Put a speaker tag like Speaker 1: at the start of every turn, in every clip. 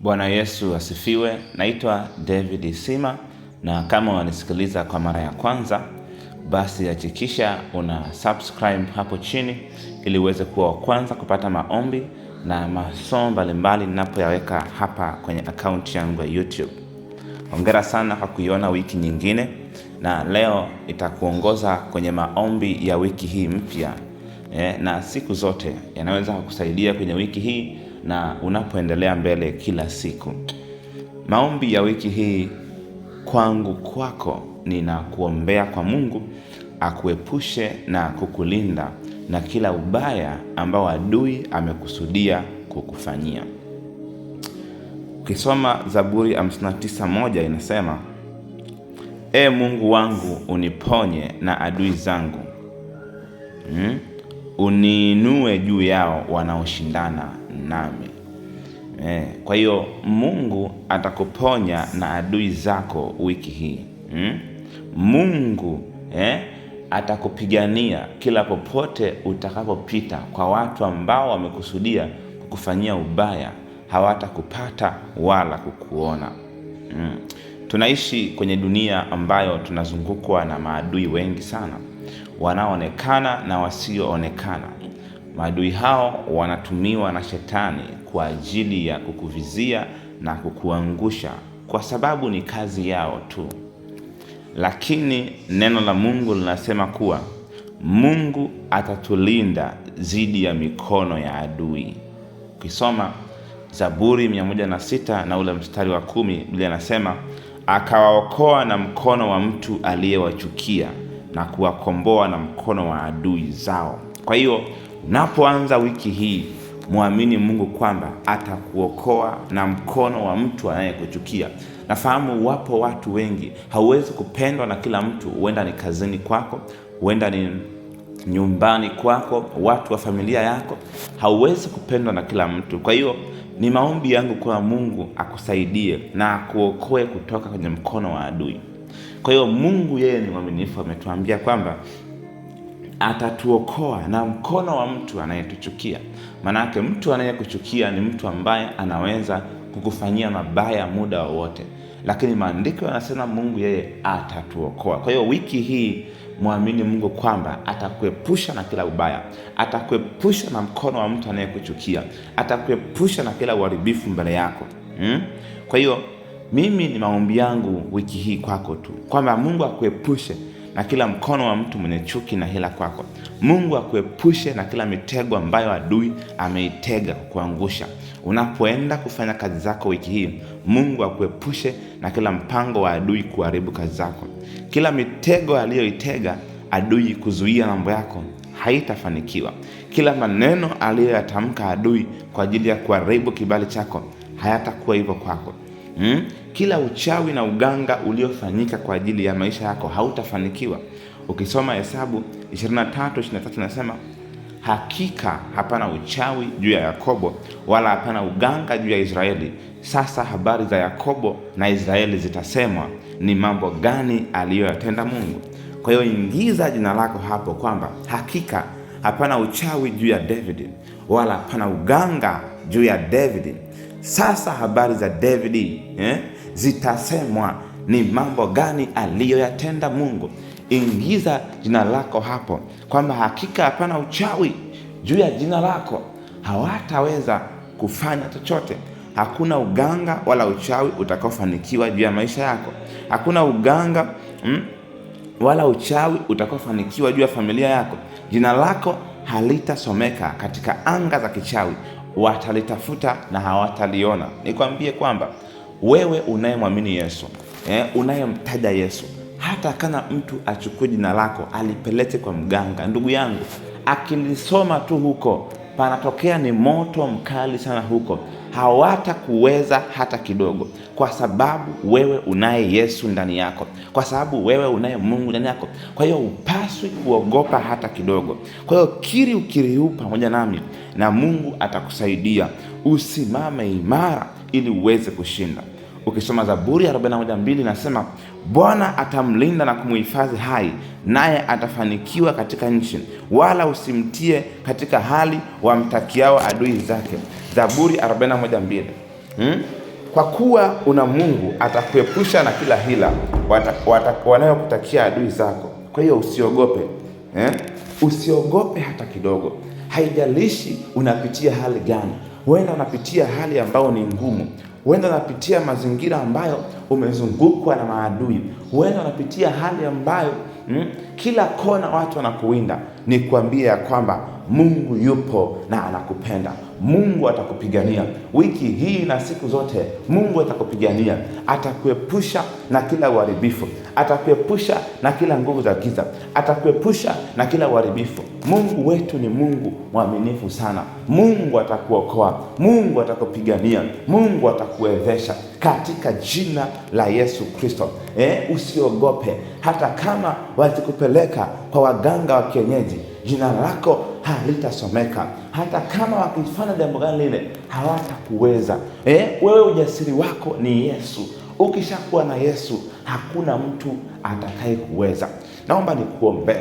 Speaker 1: Bwana Yesu asifiwe. Naitwa David sima na kama wanisikiliza kwa mara ya kwanza, basi hakikisha una subscribe hapo chini ili uweze kuwa wa kwanza kupata maombi na masomo mbalimbali ninapoyaweka hapa kwenye akaunti yangu ya YouTube. Hongera sana kwa kuiona wiki nyingine, na leo itakuongoza kwenye maombi ya wiki hii mpya eh, na siku zote yanaweza kukusaidia kwenye wiki hii na unapoendelea mbele kila siku. Maombi ya wiki hii kwangu kwako, ninakuombea kwa Mungu akuepushe na kukulinda na kila ubaya ambao adui amekusudia kukufanyia. Ukisoma Zaburi 59:1 inasema, E Mungu wangu uniponye na adui zangu, mm, uniinue juu yao wanaoshindana nami. Eh, kwa hiyo Mungu atakuponya na adui zako wiki hii hmm? Mungu eh, atakupigania kila popote utakapopita. Kwa watu ambao wamekusudia kukufanyia ubaya hawatakupata wala kukuona hmm. Tunaishi kwenye dunia ambayo tunazungukwa na maadui wengi sana wanaoonekana na wasioonekana Maadui hao wanatumiwa na Shetani kwa ajili ya kukuvizia na kukuangusha, kwa sababu ni kazi yao tu. Lakini neno la Mungu linasema kuwa Mungu atatulinda dhidi ya mikono ya adui. Ukisoma Zaburi 106 na ule mstari wa kumi, Biblia anasema akawaokoa na mkono wa mtu aliyewachukia na kuwakomboa na mkono wa adui zao. Kwa hiyo Napoanza wiki hii, mwamini Mungu kwamba atakuokoa na mkono wa mtu anayekuchukia. Nafahamu wapo watu wengi, hauwezi kupendwa na kila mtu. Huenda ni kazini kwako, huenda ni nyumbani kwako, watu wa familia yako, hauwezi kupendwa na kila mtu. Kwa hiyo ni maombi yangu kwa Mungu akusaidie na akuokoe kutoka kwenye mkono wa adui. Kwa hiyo Mungu yeye ni mwaminifu, ametuambia kwamba atatuokoa na mkono wa mtu anayetuchukia. Maanake mtu anayekuchukia ni mtu ambaye anaweza kukufanyia mabaya muda wowote, lakini maandiko yanasema Mungu yeye atatuokoa. Kwa hiyo wiki hii mwamini Mungu kwamba atakuepusha na kila ubaya, atakuepusha na mkono wa mtu anayekuchukia, atakuepusha na kila uharibifu mbele yako hmm? Kwa hiyo mimi ni maombi yangu wiki hii kwako tu kwamba Mungu akuepushe na kila mkono wa mtu mwenye chuki na hila kwako. Mungu akuepushe na kila mitego ambayo adui ameitega kuangusha. Unapoenda kufanya kazi zako wiki hii, Mungu akuepushe na kila mpango wa adui kuharibu kazi zako. Kila mitego aliyoitega adui kuzuia mambo yako haitafanikiwa. Kila maneno aliyoyatamka adui kwa ajili ya kuharibu kibali chako hayatakuwa hivyo kwako hmm? Kila uchawi na uganga uliofanyika kwa ajili ya maisha yako hautafanikiwa. Ukisoma Hesabu 23:23 inasema hakika hapana uchawi juu ya Yakobo wala hapana uganga juu ya Israeli. Sasa habari za Yakobo na Israeli zitasemwa, ni mambo gani aliyoyatenda Mungu. Kwa hiyo ingiza jina lako hapo kwamba hakika hapana uchawi juu ya David wala hapana uganga juu ya David sasa habari za David eh, zitasemwa ni mambo gani aliyoyatenda Mungu. Ingiza jina lako hapo, kwamba hakika hapana uchawi juu ya jina lako, hawataweza kufanya chochote. Hakuna uganga wala uchawi utakaofanikiwa juu ya maisha yako. Hakuna uganga mm, wala uchawi utakaofanikiwa juu ya familia yako. Jina lako halitasomeka katika anga za kichawi watalitafuta na hawataliona. Nikwambie kwamba wewe unayemwamini Yesu eh, unayemtaja Yesu, hata kana mtu achukue jina lako alipeleke kwa mganga, ndugu yangu, akilisoma tu huko panatokea ni moto mkali sana huko hawatakuweza hata kidogo, kwa sababu wewe unaye Yesu ndani yako, kwa sababu wewe unaye Mungu ndani yako. Kwa hiyo upaswi kuogopa hata kidogo. Kwa hiyo kiri ukiri huu pamoja nami, na Mungu atakusaidia usimame imara, ili uweze kushinda. Ukisoma Zaburi 41:2 inasema, Bwana atamlinda na kumuhifadhi hai, naye atafanikiwa katika nchi, wala usimtie katika hali wamtakiao adui zake. Zaburi 41:2. Hmm? Kwa kuwa una Mungu atakuepusha na kila hila wanayokutakia adui zako. Kwa hiyo usiogope eh? Usiogope hata kidogo, haijalishi unapitia hali gani. Huenda unapitia hali ambayo ni ngumu, huenda unapitia mazingira ambayo umezungukwa na maadui, huenda unapitia hali ambayo mm, kila kona watu wanakuwinda. Ni kuambia ya kwamba Mungu yupo na anakupenda. Mungu atakupigania wiki hii na siku zote. Mungu atakupigania, atakuepusha na kila uharibifu, atakuepusha na kila nguvu za giza, atakuepusha na kila uharibifu. Mungu wetu ni Mungu mwaminifu sana. Mungu atakuokoa, Mungu atakupigania, Mungu atakuwezesha katika jina la Yesu Kristo. Eh, usiogope hata kama wazikupeleka kwa waganga wa kienyeji, jina lako halitasomeka, hata kama wakifanya jambo gani lile hawatakuweza. Eh, wewe ujasiri wako ni Yesu. Ukishakuwa na Yesu hakuna mtu atakayekuweza. Naomba nikuombee.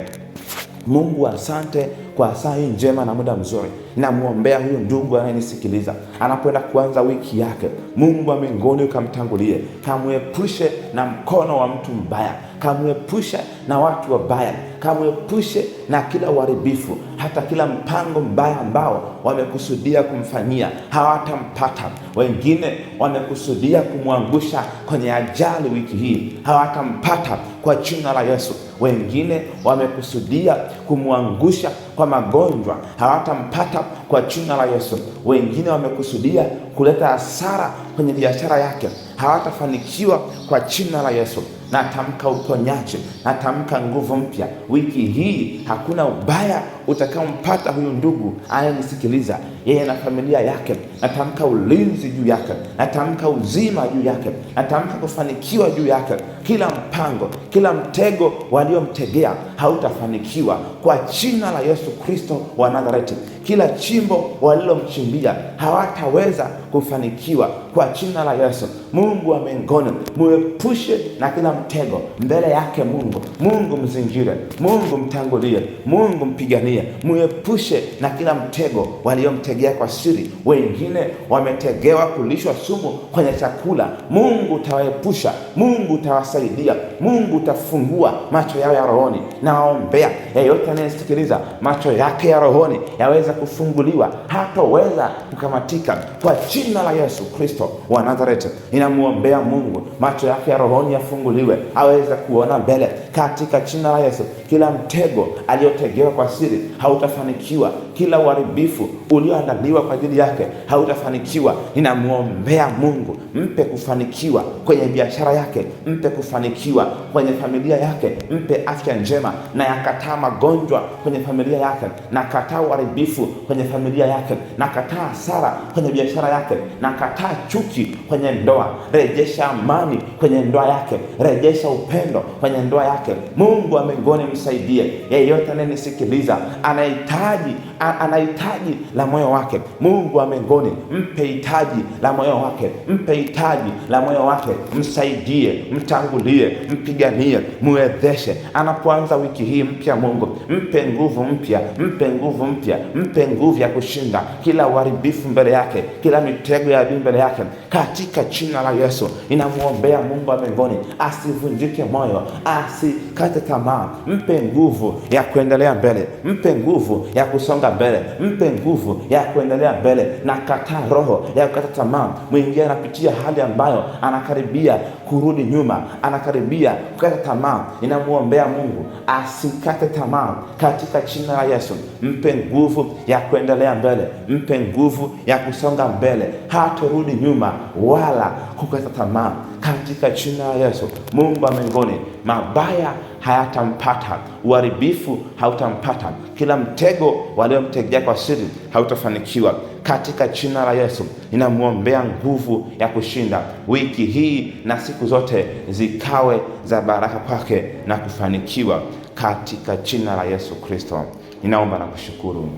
Speaker 1: Mungu, asante kwa saa hii njema na muda mzuri. Namwombea huyu ndugu anayenisikiliza anapoenda kuanza wiki yake. Mungu wa mbinguni ukamtangulie, kamwepushe na mkono wa mtu mbaya, kamwepushe na watu wabaya, kamwepushe na kila uharibifu, hata kila mpango mbaya ambao wamekusudia kumfanyia hawatampata. Wengine wamekusudia kumwangusha kwenye ajali wiki hii hawatampata, kwa jina la Yesu. Wengine wamekusudia kumwangusha kwa magonjwa, hawatampata kwa jina la Yesu. Wengine wamekusudia kuleta hasara kwenye biashara yake, hawatafanikiwa kwa jina la Yesu. Natamka uponyaji, natamka nguvu mpya wiki hii. Hakuna ubaya utakaompata huyu ndugu anayenisikiliza, yeye na familia yake natamka ulinzi juu yake, natamka uzima juu yake, natamka kufanikiwa juu yake. Kila mpango, kila mtego waliomtegea hautafanikiwa kwa jina la Yesu Kristo wa Nazareti. Kila chimbo walilomchimbia hawataweza kufanikiwa kwa jina la Yesu. Mungu wa mbinguni, muepushe na kila mtego mbele yake. Mungu Mungu mzingire, Mungu mtangulie, Mungu mpiganie, muepushe na kila mtego waliomtegea kwa siri wengine wengine wametegewa kulishwa sumu kwenye chakula. Mungu utawaepusha, Mungu utawasaidia, Mungu utafungua macho yao ya rohoni. Nawaombea yeyote anayesikiliza, macho yake ya rohoni yaweza kufunguliwa, hatoweza kukamatika kwa jina la Yesu Kristo wa Nazareti. Ninamwombea Mungu macho yake ya rohoni yafunguliwe, aweze kuona mbele katika jina la Yesu. Kila mtego aliyotegewa kwa siri hautafanikiwa, kila uharibifu ulioandaliwa kwa ajili yake hautafanikiwa. Ninamwombea Mungu, mpe kufanikiwa kwenye biashara yake, mpe kufanikiwa kwenye familia yake, mpe afya njema na yakataa magonjwa kwenye familia yake, na kataa uharibifu kwenye familia yake, na kataa hasara kwenye biashara yake, na kataa chuki kwenye ndoa. Rejesha amani kwenye ndoa yake, rejesha upendo kwenye ndoa yake yake. Mungu wa mbinguni msaidie, yeyote anayenisikiliza anahitaji anahitaji la moyo wake. Mungu wa mbinguni, mpe hitaji la moyo wake, mpe hitaji la moyo wake, msaidie, mtangulie, mpiganie, mwezeshe anapoanza wiki hii mpya. Mungu mpe nguvu mpya, mpe nguvu mpya, mpe nguvu ya kushinda kila uharibifu mbele yake, kila mitego ya adui mbele yake, katika jina la Yesu. Ninamwombea Mungu wa mbinguni asivunjike moyo, asi Msikate tamaa, mpe nguvu ya kuendelea mbele, mpe nguvu ya kusonga mbele, mpe nguvu ya kuendelea mbele, na kataa roho ya kukata tamaa. Mwingie anapitia hali ambayo anakaribia kurudi nyuma, anakaribia kukata tamaa. Ninamwombea Mungu asikate tamaa katika jina la Yesu. Mpe nguvu ya kuendelea mbele, mpe nguvu ya kusonga mbele, hatorudi nyuma wala kukata tamaa katika jina la Yesu. Mungu wa mbinguni, mabaya hayatampata, uharibifu hautampata, kila mtego waliomtegea kwa siri hautafanikiwa katika jina la Yesu. Ninamwombea nguvu ya kushinda wiki hii na siku zote zikawe za baraka kwake na kufanikiwa katika jina la Yesu Kristo. Ninaomba na kushukuru,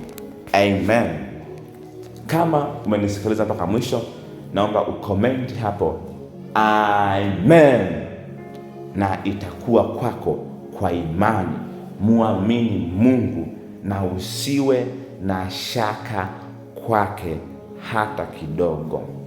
Speaker 1: amen. Kama umenisikiliza mpaka mwisho, naomba ukomenti hapo Amen. Na itakuwa kwako kwa imani. Muamini Mungu na usiwe na shaka kwake hata kidogo.